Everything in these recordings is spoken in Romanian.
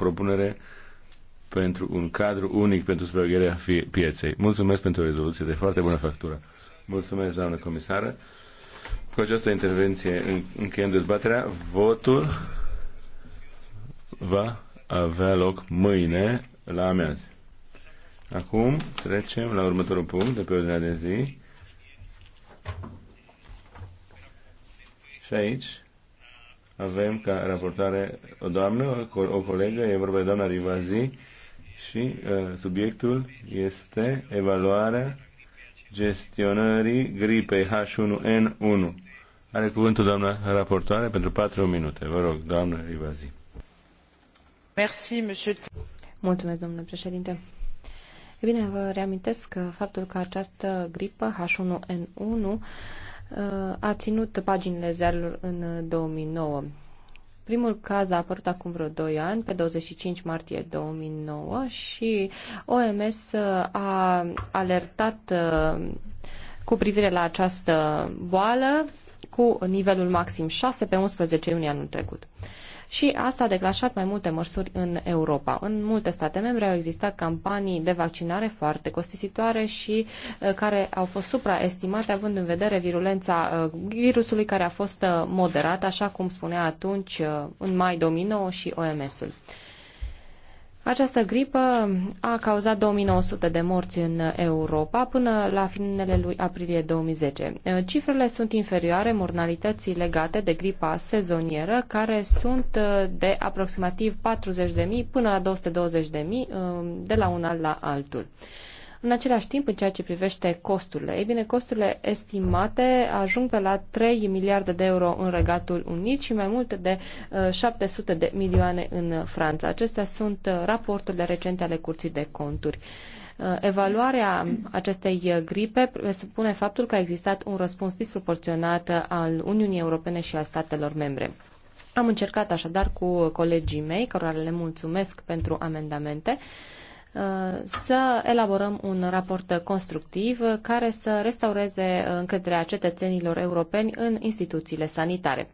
propunere pentru un cadru unic pentru supravegherea pieței. Mulțumesc pentru rezoluție de foarte bună factură. Mulțumesc, doamnă comisară. Cu această intervenție încheiem dezbaterea. Votul va avea loc mâine la amiază. Acum trecem la următorul punct de pe ordinea de zi. Și aici avem ca raportare o doamnă, o colegă, e vorba de doamna Rivazi, și uh, subiectul este evaluarea gestionării gripei H1N1. Are cuvântul doamna raportoare pentru 4 minute. Vă rog, doamnă Rivazi. Merci, monsieur. Mulțumesc, domnule președinte. E bine, vă reamintesc că faptul că această gripă H1N1 Uh, a ținut paginile ziarelor în 2009. Uh, Primul caz a apărut acum vreo 2 ani, pe 25 martie 2009 și OMS uh, a alertat cu privire la această boală cu nivelul maxim 6 pe 11 iunie anul trecut și asta a declanșat mai multe măsuri în Europa. În multe state membre au existat campanii de vaccinare foarte costisitoare și uh, care au fost supraestimate având în vedere virulența uh, virusului care a fost uh, moderată, așa cum spunea atunci în mai 2009 și OMS-ul. Această gripă a cauzat 2900 de morți în Europa până la finele lui aprilie 2010. Cifrele sunt inferioare mortalității legate de gripa sezonieră, care sunt de aproximativ 40.000 până la 220.000 um, de la un an la altul. În același timp, în ceea ce privește costurile, ei bine, costurile estimate ajung pe la 3 miliarde de euro în Regatul Unit și mai mult de 700 uh, de milioane în Franța. Acestea sunt uh, raporturile recente ale Curții de Conturi. Uh, evaluarea acestei gripe presupune faptul că a existat un răspuns disproporționat al Uniunii Europene și a statelor membre. Am încercat așadar cu colegii mei, cărora le mulțumesc pentru amendamente, Uh, să elaborăm un raport constructiv care să restaureze încrederea cetățenilor europeni în instituțiile sanitare.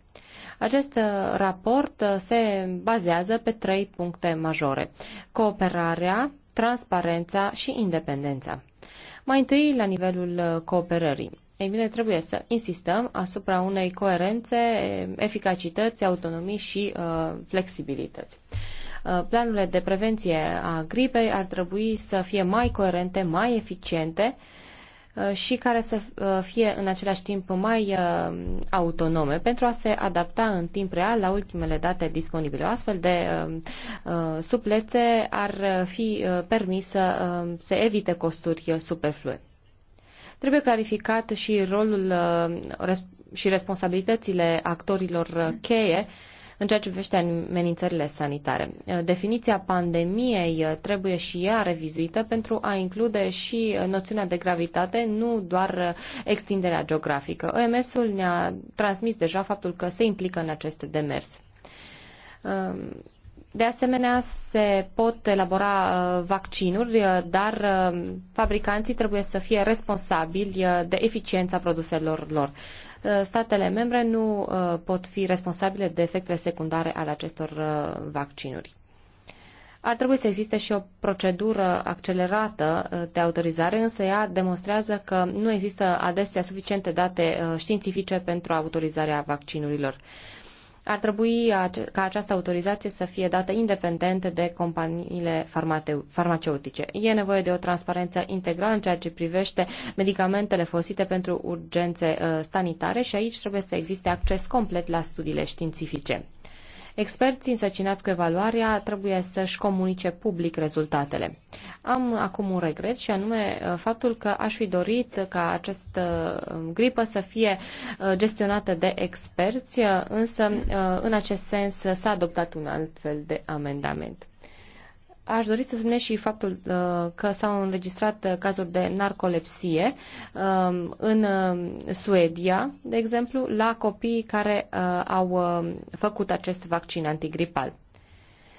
Acest uh, raport uh, se bazează pe trei puncte majore. Cooperarea, transparența și independența. Mai întâi, la nivelul cooperării. Ei bine, trebuie să insistăm asupra unei coerențe, eficacități, autonomii și uh, flexibilități. Uh, Uh, planurile de prevenție a gripei ar trebui să fie mai coerente, mai eficiente uh, și care să uh, fie în același timp mai autonome pentru a se adapta în timp real la ultimele date disponibile. O astfel de suplețe ar fi permis să se evite costuri superflue. Trebuie clarificat și rolul și responsabilitățile actorilor cheie în ceea ce privește amenințările sanitare, uh, definiția pandemiei uh, trebuie și ea revizuită pentru a include și uh, noțiunea de gravitate, nu doar extinderea geografică. OMS-ul ne-a transmis deja faptul că se implică în acest demers. Um, de asemenea, se pot elabora vaccinuri, dar fabricanții trebuie să fie responsabili de eficiența produselor lor. Uh, statele membre nu uh, pot fi responsabile de efectele secundare ale acestor uh, vaccinuri. Ar trebui să existe și o procedură accelerată de autorizare, însă ea demonstrează că nu există adesea suficiente date științifice pentru autorizarea vaccinurilor ar trebui ca această autorizație să fie dată independent de companiile farmaceutice. E nevoie de o transparență integrală în ceea ce privește medicamentele folosite pentru urgențe uh, sanitare și aici trebuie să existe acces complet la studiile științifice. Experții însăcinați cu evaluarea trebuie să-și comunice public rezultatele. Am acum un regret și anume uh, faptul că aș fi dorit ca această uh, gripă să fie uh, gestionată de experți, însă în acest sens s-a adoptat un alt fel de amendament. Aș dori să spun și faptul uh, că s-au înregistrat uh, cazuri de narcolepsie um, în um, Suedia, de exemplu, la copii care uh, au um, făcut acest vaccin antigripal.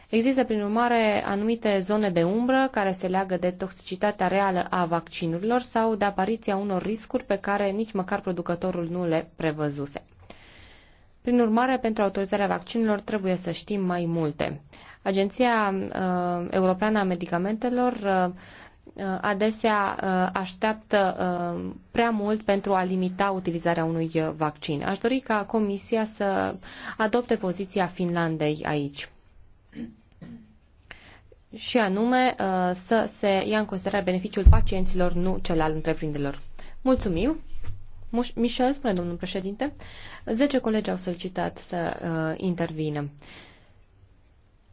Există, prin urmare, anumite zone de umbră care se leagă de toxicitatea reală a vaccinurilor sau de apariția unor riscuri pe care nici măcar producătorul nu le prevăzuse. Prin urmare, pentru autorizarea vaccinurilor trebuie să știm mai multe. Agenția uh, Europeană a Medicamentelor uh, uh, adesea așteaptă prea mult pentru a limita utilizarea unui vaccin. Aș dori ca Comisia să adopte poziția Finlandei aici. Și anume să se ia în considerare beneficiul pacienților, nu cel al întreprinderilor. Mulțumim! Michel, spune domnul președinte, 10 colegi au solicitat să uh, intervină.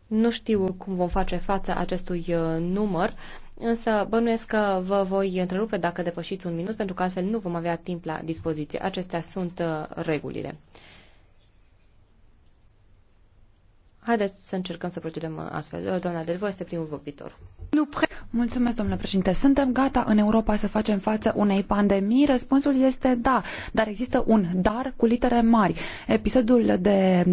Nu știu cum vom face față acestui uh, număr, însă bănuiesc că vă voi întrerupe dacă depășiți un minut, pentru că altfel nu vom avea timp la dispoziție. Acestea sunt uh, regulile. Haideți să încercăm să procedăm uh, astfel. Doamna Delvo este primul vorbitor. Nu pre- Mulțumesc, domnule președinte. Suntem gata în Europa să facem față unei pandemii? Răspunsul este da, dar există un dar cu litere mari. Episodul de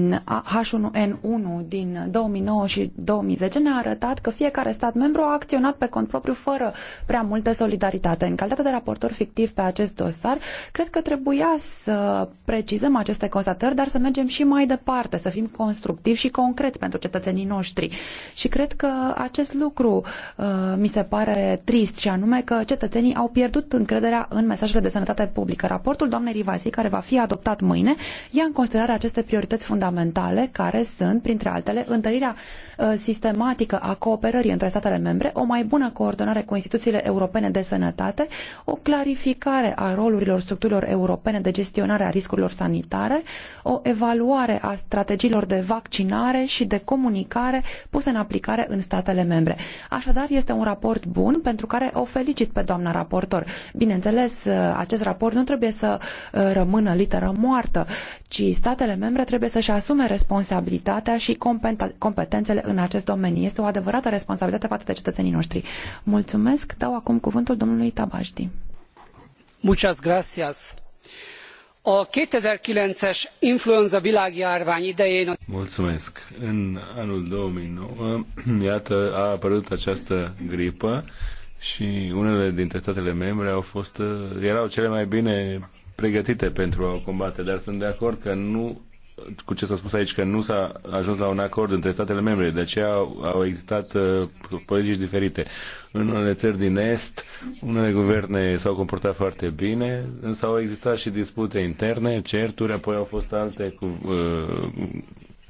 H1N1 din 2009 și 2010 ne-a arătat că fiecare stat membru a acționat pe cont propriu fără prea multă solidaritate. În calitate de raportor fictiv pe acest dosar, cred că trebuia să precizăm aceste constatări, dar să mergem și mai departe, să fim constructivi și concreți pentru cetățenii noștri. Și cred că acest lucru uh, mi se pare trist și anume că cetățenii au pierdut încrederea în mesajele de sănătate publică. Raportul doamnei Rivasi, care va fi adoptat mâine, ia în considerare aceste priorități fundamentale care sunt, printre altele, întărirea uh, sistematică a cooperării între statele membre, o mai bună coordonare cu instituțiile europene de sănătate, o clarificare a rolurilor structurilor europene de gestionare a riscurilor sanitare, o evaluare a strategiilor de vaccinare și de comunicare puse în aplicare în statele membre. Așadar, este un raport bun pentru care o felicit pe doamna raportor. Bineînțeles, uh, acest raport nu trebuie să uh, rămână literă moartă, ci statele membre trebuie să-și asume responsabilitatea și competențele în acest domeniu. Este o adevărată responsabilitate față de cetățenii noștri. Mulțumesc. Dau acum cuvântul domnului Tabajdi. Muchas gracias a nine es influenza világjárvány idején... Mulțumesc! În anul 2009, iată, a apărut această gripă și unele dintre statele membre au fost, uh, erau cele mai bine pregătite pentru a o combate, dar sunt de acord că nu cu ce s-a spus aici, că nu s-a ajuns la un acord între statele membre, de aceea au, existat uh, politici diferite. În unele țări din Est, unele guverne s-au comportat foarte bine, însă au existat și dispute interne, certuri, apoi au fost alte cu, uh,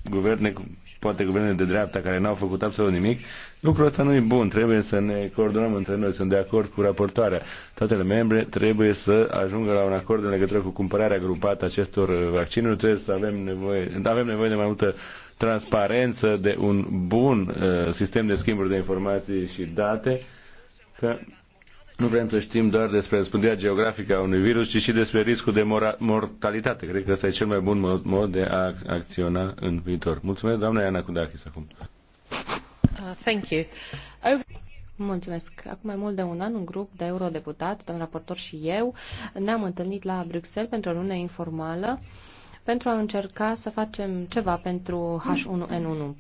guverne, poate guverne de dreapta care n-au făcut absolut nimic, lucrul ăsta nu e bun, trebuie să ne coordonăm între noi, sunt de acord cu raportoarea. Statele membre trebuie să ajungă la un acord în legătură cu cumpărarea grupată acestor uh, vaccinuri, trebuie să avem nevoie, avem nevoie de mai multă transparență, de un bun uh, sistem de schimburi de informații și date, că nu vrem să știm doar despre răspândirea geografică a unui virus, ci și despre riscul de mortalitate. Cred că ăsta e cel mai bun mod, mod de a acționa în viitor. Mulțumesc, doamna Iana Kudakis, acum. Uh, thank you. Over... Mulțumesc. Acum mai mult de un an, un grup de eurodeputat, domn raportor și eu, ne-am întâlnit la Bruxelles pentru o lună informală pentru a încerca să facem ceva pentru H1N1.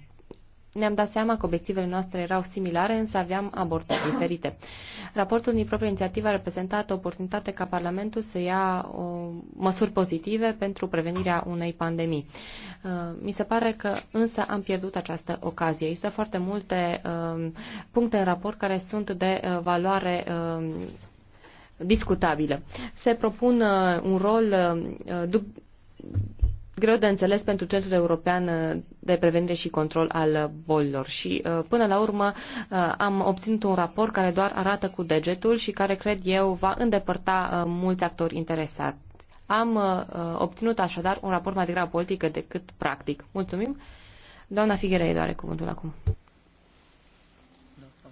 Ne-am dat seama că obiectivele noastre erau similare, însă aveam abordări diferite. Raportul din proprie inițiativă a reprezentat o oportunitate ca Parlamentul să ia o, măsuri pozitive pentru prevenirea unei pandemii. Uh, mi se pare că însă am pierdut această ocazie. Există foarte multe uh, puncte în raport care sunt de uh, valoare discutabilă. Se propun un rol greu de înțeles pentru Centrul European uh, de Prevenire și Control al uh, Bolilor. Și uh, până la urmă am obținut un raport care doar arată cu degetul și care, cred eu, va îndepărta mulți actori interesați. Am obținut așadar un raport mai degrabă politică decât practic. Mulțumim. Doamna e doare cuvântul acum.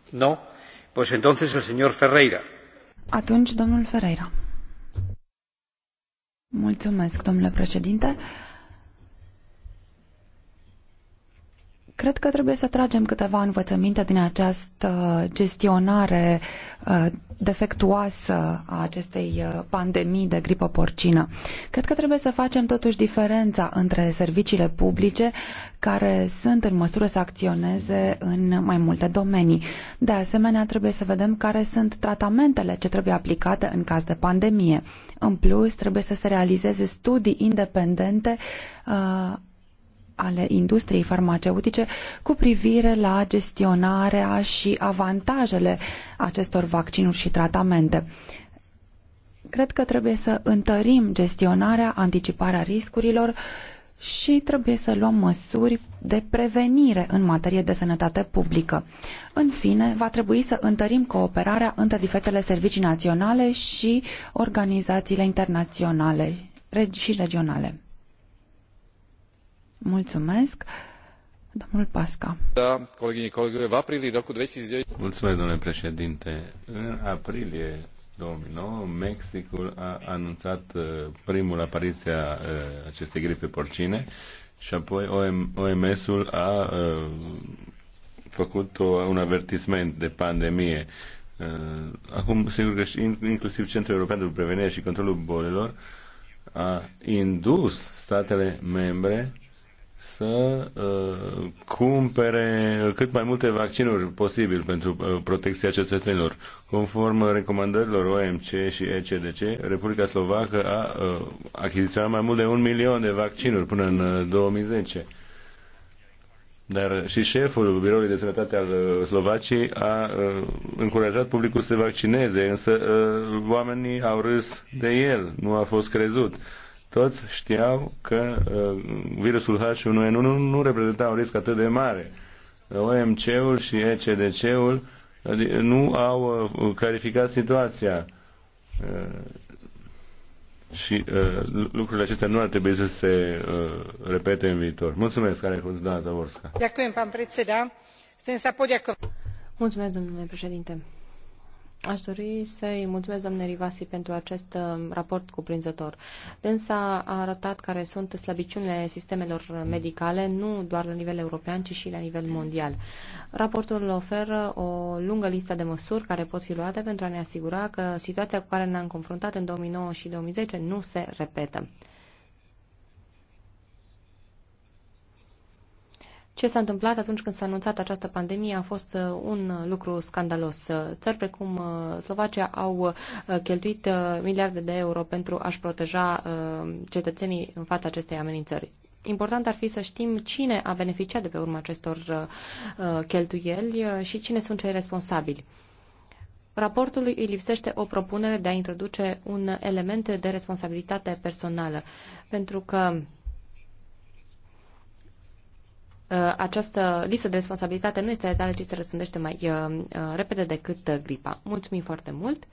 No? Pues entonces el señor Ferreira. Atunci, domnul Ferreira. Mulțumesc, domnule președinte. Cred că trebuie să tragem câteva învățăminte din această gestionare uh, defectuoasă a acestei uh, pandemii de gripă porcină. Cred că trebuie să facem totuși diferența între serviciile publice care sunt în măsură să acționeze în mai multe domenii. De asemenea, trebuie să vedem care sunt tratamentele ce trebuie aplicate în caz de pandemie. În plus, trebuie să se realizeze studii independente uh, ale industriei farmaceutice cu privire la gestionarea și avantajele acestor vaccinuri și tratamente. Cred că trebuie să întărim gestionarea, anticiparea riscurilor și trebuie să luăm măsuri de prevenire în materie de sănătate publică. În fine, va trebui să întărim cooperarea între diferitele servicii naționale și organizațiile internaționale și regionale în Pasca. Da, aprilie două mii nouă domnule președinte. aprilie Mexicul a anunțat uh, primul apariția uh, acestei gripe porcine și apoi OMS-ul a uh, făcut o, un avertisment de pandemie. Acum, sigur că și inclusiv Centrul European de Prevenire și Controlul Bolilor a indus statele membre să uh, cumpere cât mai multe vaccinuri posibil pentru uh, protecția cetățenilor. Conform recomandărilor OMC și ECDC, Republica Slovacă a uh, achiziționat mai mult de un milion de vaccinuri până în uh, 2010. Dar și șeful Biroului de Sănătate al uh, Slovaciei a uh, încurajat publicul să se vaccineze, însă uh, oamenii au râs de el, nu a fost crezut. Uh, toți știau că uh, virusul H1N1 nu, nu reprezenta un risc atât de mare. OMC-ul și ECDC-ul nu au uh, clarificat situația. Uh, și uh, lucrurile acestea nu ar trebui să se uh, repete în viitor. Mulțumesc, care cuvântul doamna Zavorska. Mulțumesc, domnule președinte. Aș dori să-i mulțumesc doamnei Rivasi pentru acest uh, raport cuprinzător. Dânsa a arătat care sunt slăbiciunile sistemelor medicale, nu doar la nivel european, ci și la nivel mondial. Raportul oferă o lungă listă de măsuri care pot fi luate pentru a ne asigura că situația cu care ne-am confruntat în 2009 și 2010 nu se repetă. Ce s-a întâmplat atunci când s-a anunțat această pandemie a fost uh, un uh, lucru scandalos. Uh, țări precum Slovacia au cheltuit miliarde de euro pentru a-și proteja cetățenii în fața acestei amenințări. Important ar fi să știm cine a beneficiat de pe urma acestor cheltuieli și cine sunt cei responsabili. Raportului îi lipsește o propunere de a introduce un element de responsabilitate personală, pentru că Uh, această lipsă de responsabilitate nu este letală, ci se răspândește mai uh, uh, repede decât gripa. Mulțumim foarte mult!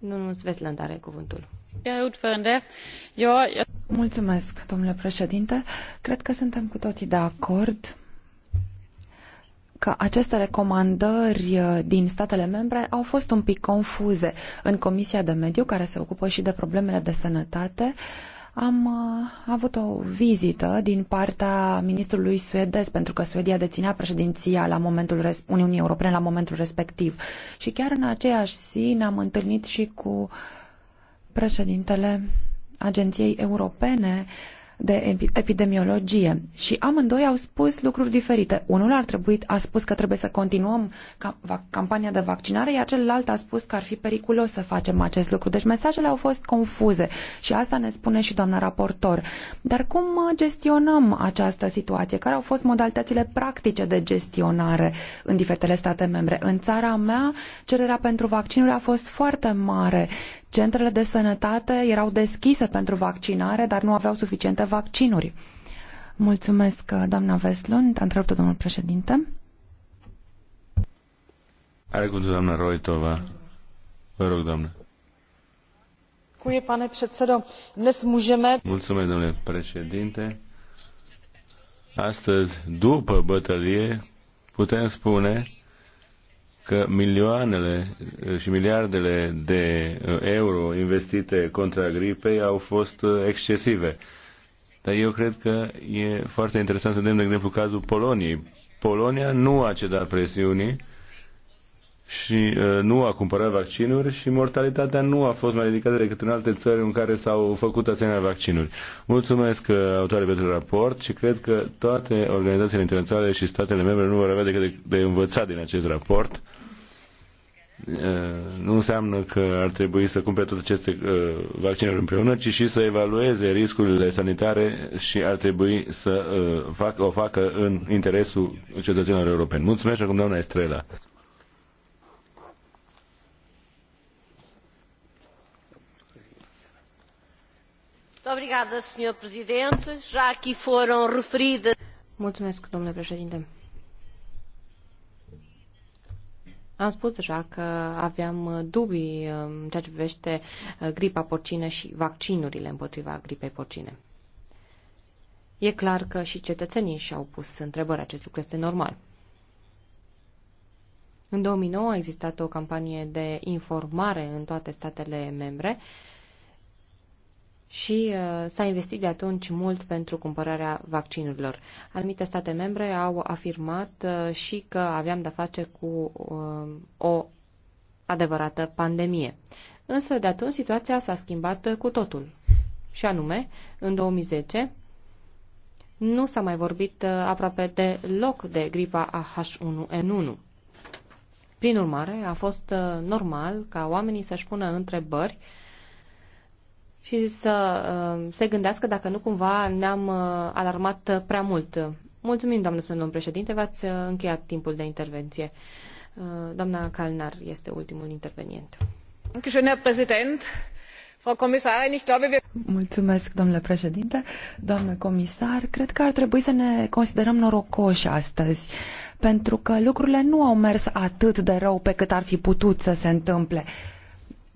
Domnul Svetland are cuvântul. Mulțumesc, domnule președinte. Cred că suntem cu toții de acord că aceste recomandări din statele membre au fost un pic confuze. În Comisia de Mediu, care se ocupă și de problemele de sănătate, uh, am uh, avut o vizită din partea ministrului suedez, pentru că Suedia deținea președinția la momentul Uniunii Europene la momentul respectiv. Și chiar în aceeași zi ne-am întâlnit și cu președintele Agenției Europene uh, de epidemiologie și amândoi au spus lucruri diferite. Unul ar trebui, a spus că trebuie să continuăm campania de vaccinare, iar celălalt a spus că ar fi periculos să facem acest lucru. Deci mesajele au fost confuze și asta ne spune și doamna raportor. Dar cum uh, gestionăm această situație? Care au fost modalitățile practice de gestionare în diferitele state membre? În țara mea, cererea pentru vaccinuri a fost foarte mare. Centrele de sănătate erau deschise pentru vaccinare, dar nu aveau suficiente vaccinuri. Mulțumesc, uh, doamna Veslund. A întrebat domnul președinte. Are cuvântul doamna Roitova. Vă rog, doamnă. Cuie, pane předsedo. Dnes můžeme... Mulțumesc, domnule președinte. Astăzi, după bătălie, putem spune că milioanele uh, și miliardele de uh, euro investite contra gripei au fost excesive dar eu cred că e foarte interesant să dăm de exemplu, cazul Poloniei. Polonia nu a cedat presiunii și uh, nu a cumpărat vaccinuri și mortalitatea nu a fost mai ridicată decât în alte țări în care s-au făcut asemenea vaccinuri. Mulțumesc uh, autoare pentru raport și cred că toate organizațiile internaționale și statele membre nu vor avea decât de, de învățat din acest raport. Eh, nu înseamnă că ar trebui să cumpere toate aceste eh, vaccinuri împreună, ci și să evalueze riscurile sanitare și ar trebui să eh, fac, o facă în interesul cetățenilor europeni. Mulțumesc acum doamna Estrela. Obrigada, Sr. Presidente. Já aqui foram referidas. Mulțumesc, domnule președinte. Am spus deja că aveam dubii în ceea ce privește uh, gripa porcină și vaccinurile împotriva gripei porcine. E clar că și cetățenii și-au pus întrebări, acest lucru este normal. În 2009 a existat o campanie de informare în toate statele membre uh, și uh, s-a investit de atunci mult pentru cumpărarea vaccinurilor. Anumite state membre au afirmat uh, și că aveam de-a face cu uh, o adevărată pandemie. Însă de atunci situația s-a schimbat cu totul. Și anume, în 2010 nu s-a mai vorbit uh, aproape deloc de gripa h 1 n 1 Prin urmare, a fost uh, normal ca oamenii să-și pună întrebări uh, și să uh, se gândească dacă nu cumva ne-am uh, alarmat prea mult. Mulțumim, doamnă, spune domnul președinte, v-ați uh, încheiat timpul de intervenție. Doamna Calnar este ultimul intervenient. Mulțumesc, domnule președinte, Doamne comisar. Cred că ar trebui să ne considerăm norocoși astăzi pentru că lucrurile nu au mers atât de rău pe cât ar fi putut să se întâmple.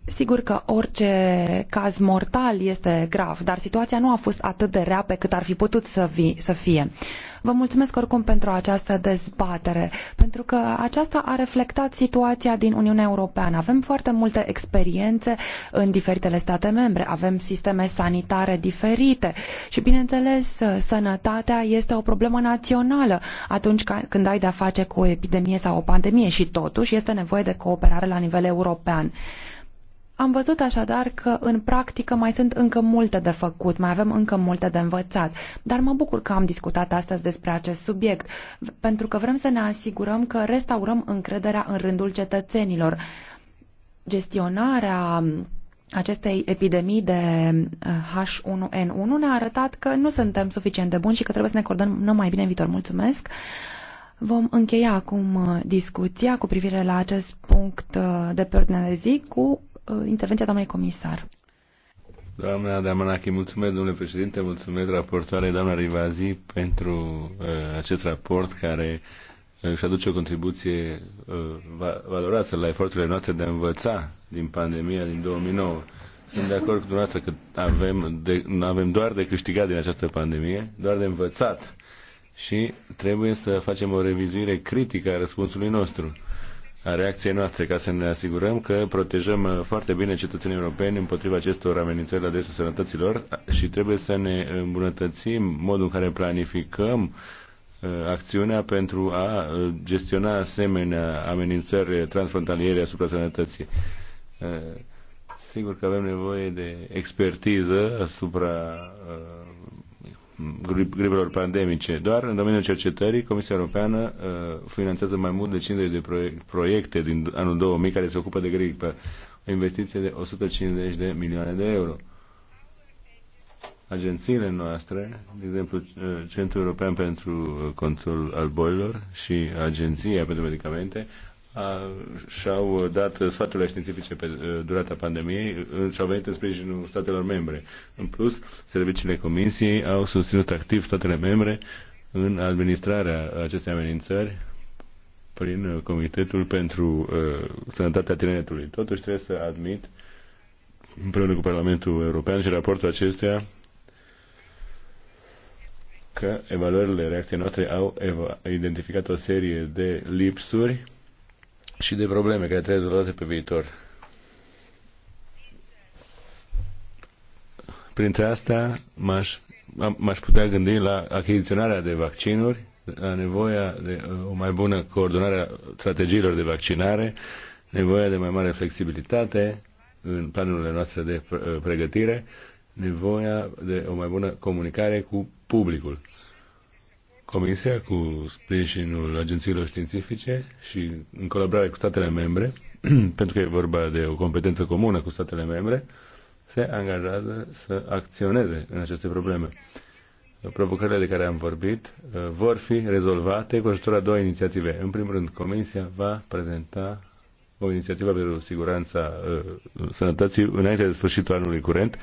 Sigur că orice caz mortal este grav, dar situația nu a fost atât de rea pe cât ar fi putut să, vi, să fie. Vă mulțumesc oricum pentru această dezbatere, pentru că aceasta a reflectat situația din Uniunea Europeană. Avem foarte multe experiențe în diferitele state membre, avem sisteme sanitare diferite și, bineînțeles, sănătatea este o problemă națională atunci când ai de-a face cu o epidemie sau o pandemie și, totuși, este nevoie de cooperare la nivel european. Am văzut așadar că în practică mai sunt încă multe de făcut, mai avem încă multe de învățat, dar mă bucur că am discutat astăzi despre acest subiect, pentru că vrem să ne asigurăm că restaurăm încrederea în rândul cetățenilor. Gestionarea acestei epidemii de H1N1 eh, ne-a arătat că nu suntem suficient de buni și că trebuie să ne acordăm mai bine în viitor. Mulțumesc! Vom încheia acum eh, discuția cu privire la acest punct eh, de pe ordine de zi cu Uh, intervenția doamnei comisar. Doamna Damanachi, mulțumesc, domnule președinte, mulțumesc raportoare, doamna Rivazi, pentru uh, acest raport care uh, își aduce o contribuție uh, valoroasă la eforturile noastre de a învăța din pandemia din 2009. Sunt de acord cu dumneavoastră că avem de, nu avem doar de câștigat din această pandemie, doar de învățat și trebuie să facem o revizuire critică a răspunsului nostru a reacției noastre ca să ne asigurăm că protejăm uh, foarte bine cetățenii europeni împotriva acestor amenințări la adresa sănătăților și trebuie să ne îmbunătățim modul în care planificăm uh, acțiunea pentru a uh, gestiona asemenea amenințări transfrontaliere asupra sănătății. Sigur că avem nevoie de expertiză asupra uh, gripelor pandemice. Doar în domeniul cercetării, Comisia Europeană uh, finanțează mai mult de 50 de proiecte din anul 2000 care se ocupă de gripă. O investiție de 150 de milioane de euro. Agențiile noastre, de exemplu uh, Centrul European pentru Control al Bolilor și Agenția pentru Medicamente, și-au dat sfaturile științifice pe durata pandemiei și au venit în sprijinul statelor membre. În plus, serviciile comisiei au susținut activ statele membre în administrarea acestei amenințări prin Comitetul pentru uh, Sănătatea Tineretului. Totuși trebuie să admit, împreună cu Parlamentul European și raportul acestuia, că evaluările reacției noastre au identificat o serie de lipsuri și de probleme care trebuie rezolvate pe viitor. Printre astea m-aș, m-aș putea gândi la achiziționarea de vaccinuri, la nevoia de uh, o mai bună coordonare a strategiilor de vaccinare, nevoia de mai mare flexibilitate în planurile noastre de uh, pregătire, nevoia de o mai bună comunicare cu publicul. Comisia, cu sprijinul agențiilor științifice și în colaborare cu statele membre, pentru că e vorba de o competență comună cu statele membre, se angajează să acționeze în aceste probleme. Provocările de care am vorbit uh, vor fi rezolvate cu ajutorul a două inițiative. În primul rând, Comisia va prezenta o inițiativă pentru siguranța uh, sănătății înainte de sfârșitul anului curent,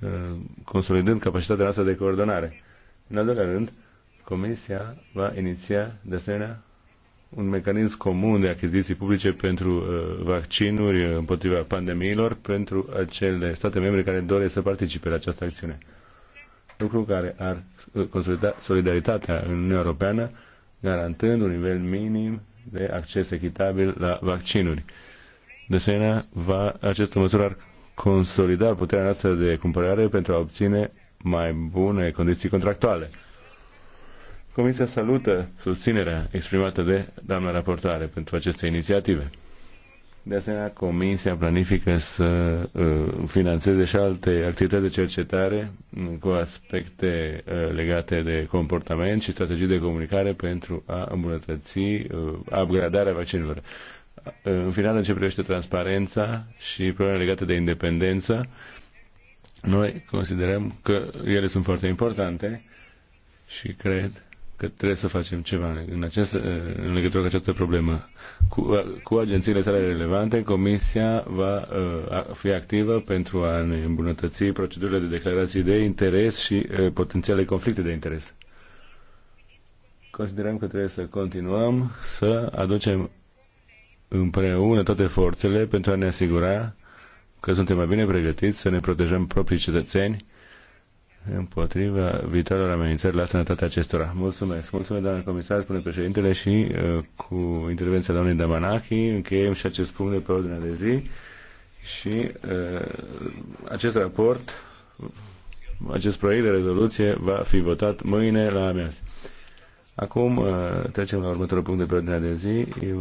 uh, consolidând capacitatea noastră de coordonare. În al doilea rând, Comisia va iniția, de asemenea, un mecanism comun de achiziții publice pentru uh, vaccinuri împotriva pandemiilor pentru acele state membre care doresc să participe la această acțiune. Lucru care ar uh, consolida solidaritatea în Uniunea Europeană, garantând un nivel minim de acces echitabil la vaccinuri. De asemenea, va, această măsură ar consolida puterea noastră de cumpărare pentru a obține mai bune condiții contractuale. Comisia salută susținerea exprimată de doamna raportoare pentru aceste inițiative. De asemenea, Comisia planifică să uh, financeze și alte activități de cercetare cu aspecte uh, legate de comportament și strategii de comunicare pentru a îmbunătăți uh, upgradarea vaccinurilor. Uh, în final, în ce privește transparența și probleme legate de independență, noi considerăm că ele sunt foarte importante și cred că trebuie să facem ceva în, această, în legătură cu această problemă. Cu, cu agențiile sale relevante, Comisia va uh, fi activă pentru a ne îmbunătăți procedurile de declarații de interes și uh, potențiale conflicte de interes. Considerăm că trebuie să continuăm să aducem împreună toate forțele pentru a ne asigura că suntem mai bine pregătiți să ne protejăm proprii cetățeni împotriva viitoarelor amenințări la sănătatea acestora. Mulțumesc. Mulțumesc, doamne comisar, spune președintele și uh, cu intervenția doamnei Damanachi încheiem și acest punct de pe ordinea de zi și uh, acest raport, acest proiect de rezoluție va fi votat mâine la amiază. Acum uh, trecem la următorul punct de pe ordinea de zi.